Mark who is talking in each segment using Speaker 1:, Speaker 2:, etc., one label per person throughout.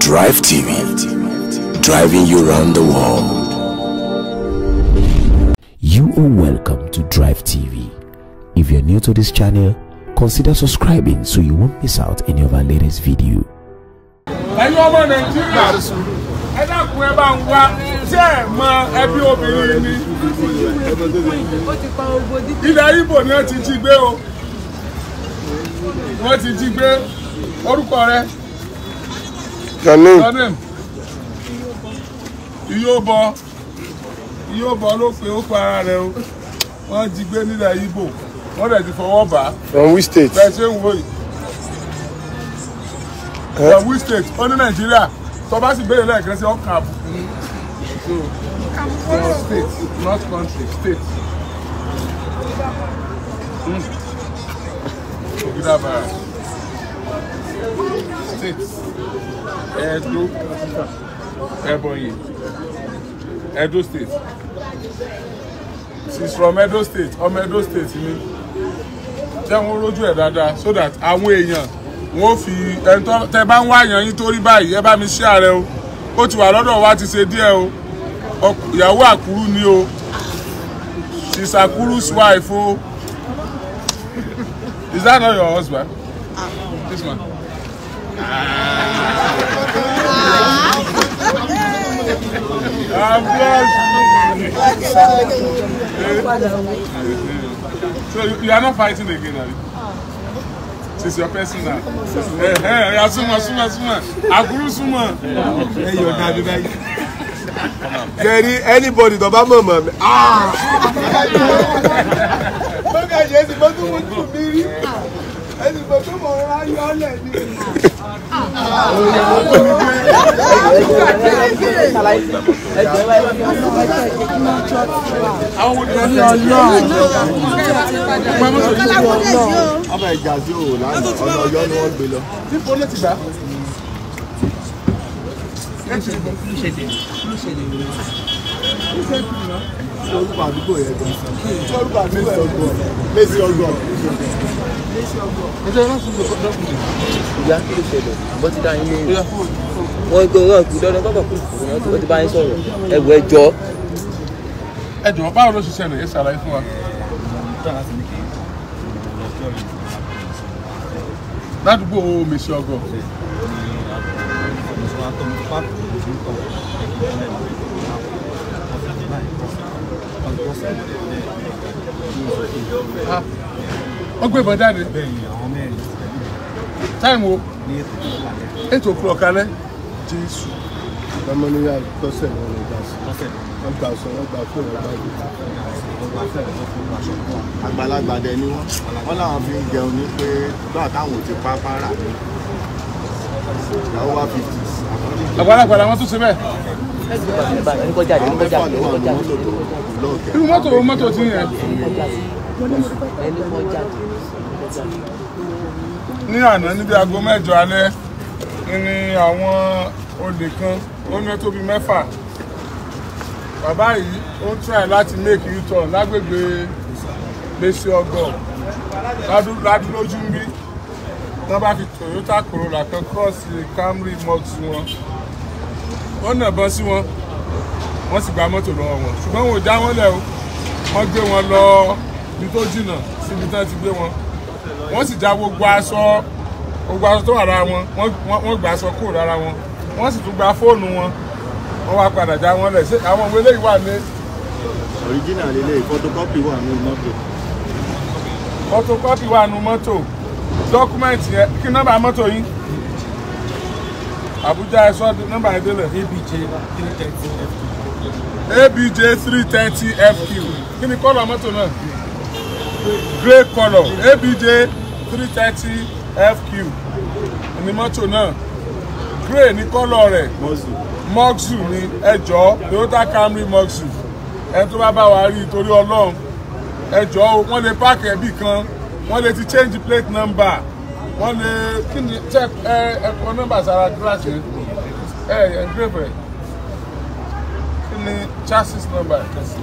Speaker 1: Drive TV, driving you around the world. You are welcome to Drive TV. If you're new to this channel, consider subscribing so you won't miss out any of our latest video. orúkọ rẹ. Ganem. Iyóbọ Iyóbọ ló pe ó pa rẹ o. Wọ́n jí gbé nílẹ̀ Igbo. Wọ́n dẹ̀ ti fọwọ́ bá. From which state? Bẹ́ẹ̀ ṣe From which state? Ó ní Nàìjíríà. Tó bá sì béèrè lẹ́ẹ̀kan sí ọkàn àbùkù ní. From state, not country, state. Mm. Ògidà state Edo Ebonyi Edo state she's from Edo state ọmọ Edo state ni tí wọ́n rójú ẹ̀ dáadáa so that àwọn èèyàn wọ́n fi ẹni tó tẹ bá ń wá èèyàn yín torí báyìí ẹ bá mi ṣí ààrẹ o ó ti wà lọ́dọ̀ wa ti ṣe díẹ̀ o ìyàwó àkúrú ni o she's àkúrú's wife o is that not your husband this one so you, you are not fighting again, are you? Since your person now. Hey, eh, eh, hey, asuma, asuma, asuma. Aguru suma. Hey, eh, your daddy, baby. Jerry, anybody tó bá mọ̀ mọ̀ mi. Ah! Bọ́gà yẹn ti bọ́ tó wọ́n tún mi rí. Ẹni bọ́ tó mọ̀ ọ́n á yọ ọ́ lẹ̀ ní ọmọ ìjà sí òwò lánàá ọ̀nà ọ̀yọ́ ni wọ́n gbé lọ. nípa olè ti gbà. orúkọ àdúgbò yẹn gan-an orúkọ àdúgbò yẹn gan-an méjì ọgbọ̀n ẹjọ́ iná sùn lọ́kùnrin. ìyá kí ló ṣẹlẹ̀ bọ́ ti dá yín lé wọ́n gbọ́ ọ̀rọ̀ kù dandan kọ́kọ́ kù wọ́n ti bá yín sọ̀rọ̀ ẹ̀wọ̀ ẹjọ́. ẹ jọ̀wọ́ báwo ló ṣiṣẹ́ nìyẹn ṣàlàyé fún wa. ládùúgbò mèsì ọgọ. Ah wọ́n gbé ìbọn jáde. bẹ́ẹ̀ni àwọn mẹ́rin. táìmù o. ní ètò òkúrọ̀ kalẹ̀. jésù ọmọnìyà tọ́sẹ̀ ló ń gbà sí. wọ́n gbà sọ wọ́n gbà fún ọ̀gá ìlú. àgbàlagbà dẹ ni wọ́n wọ́n làwọn fi ń jẹun ní pé lọ́wọ́ táwọn ò ti pa para mi. ìyàwó wa fi tì sí. àgbàlagbà làwọn tún ṣe bẹ́ẹ̀. irú mọ́tò mọ́tò ti yẹn ẹni mọ jáde. ní àná níbi aago mẹ́jọ alẹ́ ni àwọn olè kan ó ná tó mẹ́fà bàbá yìí ó ń try láti make u lágbègbè lẹ́sẹ̀ ọgọ́ ládúlójú ń bí wọ́n bá fi Toyota Corolla kan kọ́ọ̀sì Camry Max wọn ó nàbọ́n sí wọn wọ́n sì gba mọ́tò lọ́wọ́ wọn ṣùgbọ́n wọn ò dá wọn lẹ̀ wọ́n gbé wọn lọ bí tó jìnnà síbi tán ti gbé wọn wọ́n sì já gbogbo aṣọ gbogbo aṣọ tó wà lára wọn wọ́n gbà aṣọ kúrò lára wọn wọ́n sì tún gba fóònù wọn wọ́n wá padà já wọn lẹ̀ ṣé àwọn òwe lè wà ní. original lele photocopy wà nínú mọ́tò. photocopy wà nínú mọ́tò dọ́kúmẹ́ǹtì yẹn kí nọ́mbà mọ́tò yìí Abuja ẹ sọ nọ́mbà yẹn délẹ̀. abj abj three thirty fq kí ni kọ́lọ̀ mọ́tò náà grey colour abj three thirty fq ní mọ́tò náà grey ní kọ́lọ̀ rẹ̀ mọ́ọ̀sù ní ẹjọ́ toyota camry mọ́ọ̀sù ẹ tó bá bá wa rí torí ọlọ́run ẹjọ́ wọ́n lè páàkì ẹbí kan wọ́n lè ti change plate number wọ́n lè kí ni check ẹ ẹ̀kọ́ number sára gíláàsì ẹ ẹ̀ ń gbé bẹ̀rẹ̀ kí ni chassis number kẹsì.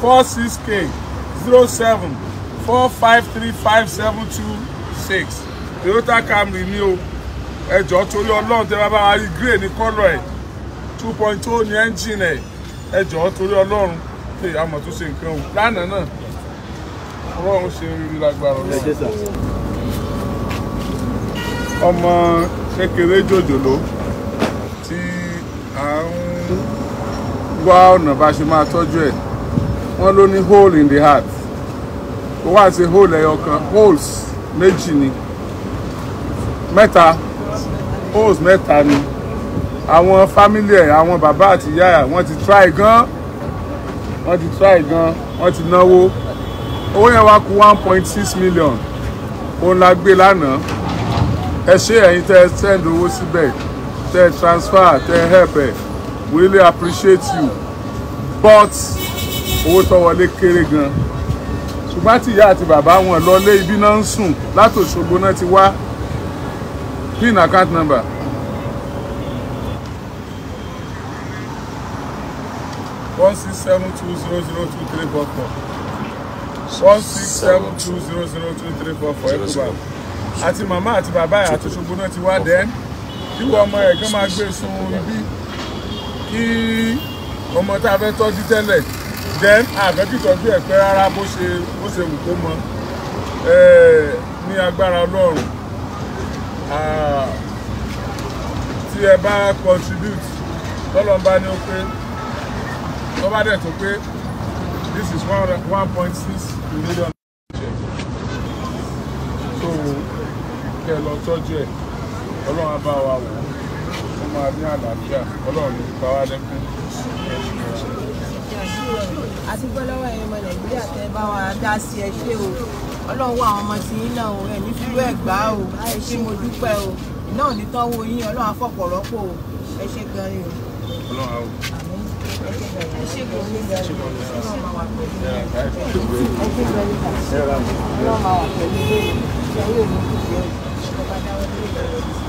Speaker 1: Four six k zero seven four five 07 4535726 Toyota Camry ni o ẹjọ́ torí ọlọ́run tẹ́ bá bá wa rí grey ní kọ́lọ̀ ẹ̀ two point two oh ní ẹ́ńjìnì ẹ̀ ẹjọ́ torí ọlọ́run tẹ̀ àmọ̀ tó ṣe nǹkan o lánàá náà ọlọ́run ṣe rí lágbára ọlọ́run. ọmọ kékeré jòjòló tí à ń wá ọ̀nà bá ṣe máa tọ́jú ẹ̀ wọ́n ló ní hole in the heart kò wá sí hole ẹyọ kan holes méjì ni mẹ́ta holes mẹ́ta ni àwọn family ẹ̀ àwọn bàbá àti ìyá ẹ̀ wọ́n ti try gan wọ́n ti try gan wọ́n ti náwó owó yẹn wá kù one point six million òun la gbé lánàá ẹ ṣé ẹ̀yin tẹ́ ẹ send owó síbẹ̀ tẹ́ ẹ transfer tẹ́ ẹ help ẹ we really appreciate you but owó tó wọlé kéré gan ṣùgbọ́n tí ìyá àti bàbá wọn lọlé ibi náà ń sùn látòṣogbo náà ti wá pin account number. one six seven two zero zero two three four four one six seven two zero zero two three four four ẹkú bá àti màmá àti bàbá àtòṣogbo náà ti wá dẹ́n kíwọ ọmọ ẹ̀ kí máa gbé sun ibi kí ọmọ tá a fẹ́ tọ́jú tẹ́lẹ̀ then àfẹ́kìtọ́jú ẹ̀ pẹ́ rárá bó ṣe bó ṣe wù kó mọ ní agbára ọlọ́run tí ẹ bá contribute tọ́lọ́n bá ní ó pé tó bá dẹ̀ tó pé this is one one point six million so kẹ lọ tọ́jú ẹ̀ ọlọ́run á bá wa wò ó máa ní àlàáfíà ọlọ́run ní káwá lẹ́kún àdúgbò lọ́wọ́ ẹ̀yin ọmọ nàìjíríà tẹ́ bá wa dá sí ẹ ṣé o ọlọ́wọ́ àwọn ọmọ tí yín náà o ẹ̀mí fúlú ẹ̀gbá o ẹ ṣé mo dúpẹ́ o iná ní tán yín ọlọ́run afọ́pọ̀ o ẹ ṣé gan ni o. ọlọ́run àwọn. ẹ ṣé gan ni gan ni ọlọ́run máa wà pẹ̀lú ẹ ṣé gan ni ọlọ́run máa wà pẹ̀lú ẹ ṣé gan ni ọlọ́run máa wà pẹ̀lú ẹ ṣé gan ni ọlọ́run máa wà pẹ̀lú ẹ ṣé gan ni ọlọ́run máa wà pẹ̀lú ẹ ṣé gan ni ọlọ́run máa wà pẹ̀lú ẹ ṣé gan ni ọlọ́run máa wà pẹ̀lú ẹ ṣé gan ni ọlọ́run máa wà pẹ̀lú ẹ ṣé gan ni ọlọ́run máa wà pẹ̀lú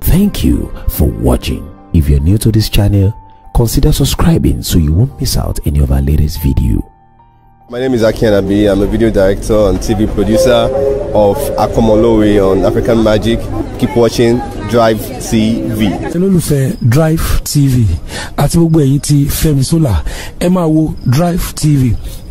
Speaker 1: Thank you for watching. If you're new to this channel, consider subscribing so you won't miss out any of our latest video. My name is Akian Abi. I'm a video director and TV producer of Akomolowe on African Magic. Keep watching Drive TV. Drive TV àti gbogbo ẹ̀yin Fẹ́mi Sola ẹ wo Drive TV